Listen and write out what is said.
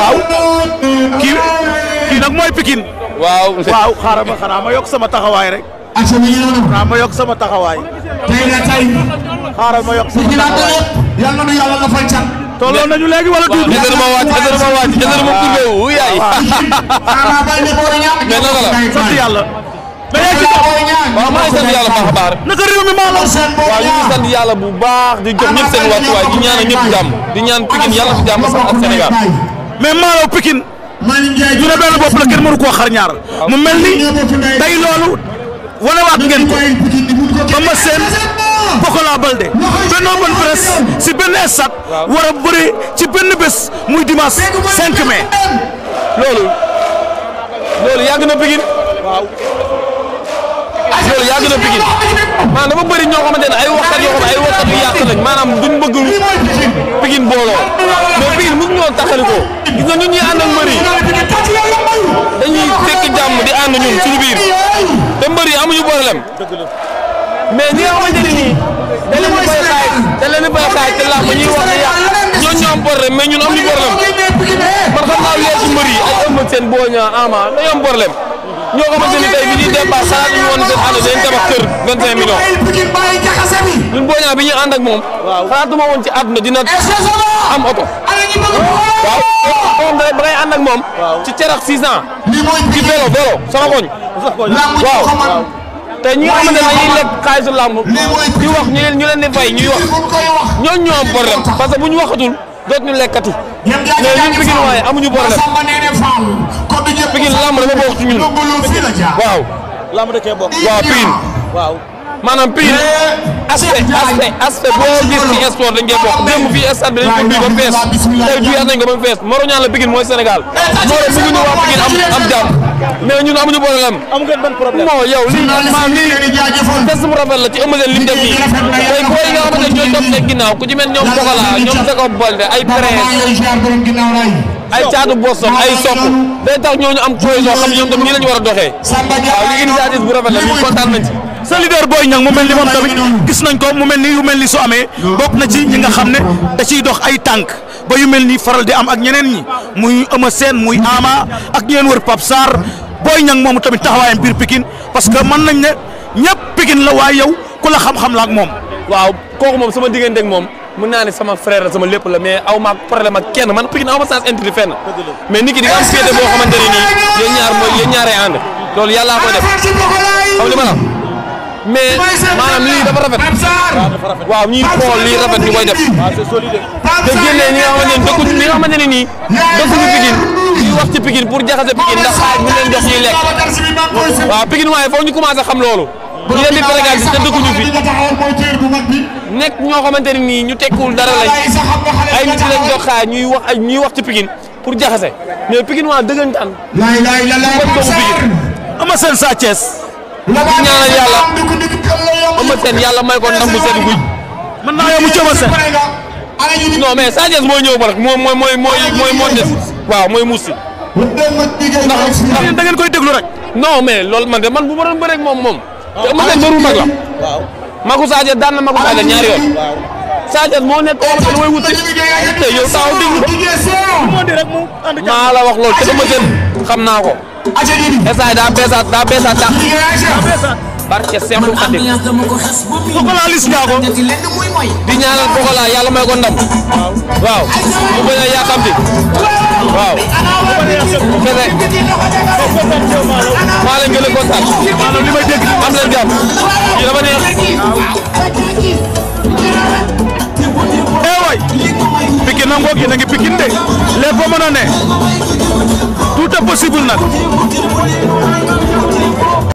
waaw kii kii nak mooy Pikine. waaw waaw xaaral ma xanaa sama rek. xanaa ma sama taxawaay. sama taxawaay. yàlla na yàlla nga fay can. tolloo nañu léegi wala tuuti. waaw ma wàcc jëndal ma wàcc jëndal ma kurbe wu yaay. xanaa bay ne booy ci sant baax mi la. ñu sant bu baax di jox ñëpp seen wàccuwaay di ñaanal ñëpp di ñaan Pikine yàlla fi jàmm sax ak mais Malaw Pikine ñu ne benn bopp la kenn mënu koo mu mel ni tey loolu wanewaat ngeen ko ba ma seen Pokola Balde benn open press si benn stade war a bëre ci benn bés muy dimanche 5 mai. loolu loolu yàgg na Pikine waaw na Pikine maanaam dafa bëri ñoo xamante ne ay waxtaan yoo xam ay waxtaan yu yàq bëgg Pikine booloo mais Pikine mënuñu woon taxali ko. gis nga ñun ñuy ànd ak mbër yi dañuy fekk jàmm di ànd ñun suñu te mbër yi amuñu problème mais ñi nga xamante ne nii da leen di bay xaay da leen di bay xaay te làmb ñuy wax ne yàq ñoo ñoo am problème mais ñun amuñu problème man xam naa leer ci mbër yi ay ëmb seen booña ama dañoo am problème ñoo xamante ni tey bi ñuy départ xalaat ñu woon seen ànd dañ tabax kër 25 millions ñun booñaa bi ñuy ànd ak moom xalaatuma woon ci àdduna dina am oto moom. ci cerax 6 ans. ci vélo vélo sama koñ. waaw te ñi nga xamante lekk xaalisu làmb di wax ñu ñu leen di ñuy wax ñooñu ñoo am problème parce que bu ñu waxatul dootuñu lekkati. mais ñun Pikine waaye amuñu problème Pikine làmb dafa bokk ci ñun. waaw. làmb da cee bokk. waaw Pikine. waaw maanaam aspect aspect aspect boo gis ci sport dañ koy bokk démb fii stade bi dañ ko bii ba fees tey jii nañ ko ba mu fees Moro ñaan la Pikine mooy Sénégal Moro mu ngi ñu waa Pikine am am jàmm mais ñun amuñu problème amu ngeen yow lii maa lii test rafet la ci ëmb leen li mu def nii tey booy nga xamante ne ñooy topp ne ginnaaw ku ci mel ñoom Pokola ñoom Jacob Baldé ay presse ay caatu bosom ay sopp day tax ñooñu am cohésion xam ñoom tam nii la war a doxee waaw li initiative bu sa Boy ñang mu melni mom tamit gis nañ ko mu melni yu melni su amé bok na ci ñi nga xamné da ci dox ay tank ba yu melni faral di am ak ñeneen ñi muy ëma sen muy Ama ak ñeen wër pap sar Boy ñang mom tamit taxawayam bir Pikine parce que man nañ ne ñepp Pikine la way yow ku la xam-xam la ak mom waaw koku mom sama digënde ak mom mu naa sama frère sama lepp la mais awma ma problème ak kenn man Pikine awma sans sens fenn mais niki di nga am pété bo xamanteni ni nii ñaar moy ko def. mais maanaam lii dafa rafet. waaw ñuy xool lii rafet ñi nga xamante ne dëkku ñi nga xamante ne nii dëkkuñu Pikine ñuy pour jaxase Pikine ndax xaaj bu leen jox ñuy lekk. waaw Pikine waaye foofu xam loolu. ñu leen di prégal nekk ñoo xamante ne nii ñu tekkul dara lañ ay nit leen jox xaaj ñuy wax ay ñuy wax ci pour jaxase mais Pikine waa dëggantaan. laay laay la laay am seen Sa ñaanal yàlla Eumeu Sène yàlla may ko ndam bu sedd guy. mën naa yóbbu ci Eumeu Sène. non mais Sa Thiès mooy ñëw ba rek mooy mooy mooy mooy moo des waaw mooy muusi. ndax ndax da ngeen koy déglu rek. non mais loolu man de man bu ma doon bëree ak moom moom. Ah. te Eumeu Sène bëru mag la. waaw Magu Sa Thiès daan na Magu Sa Thiès ñaari yoon. Sa Thiès moo nekk koo xam ne mooy wuti te yow taxaw déglu ko. maa la wax loolu te dama jël xam naa ko. aca didi esaay daa beesaat daa beesaat daa beesaat barke Seexul Xadim Pokola lis nga ko di ñaanal Pokola yàlla may ko ndam waaw bu bañ a yàkkamti waaw kese maa leen gën a kontaan am leen jàmm yi dafa ngoog yéen a ngi de lépp a ne tout possible nag.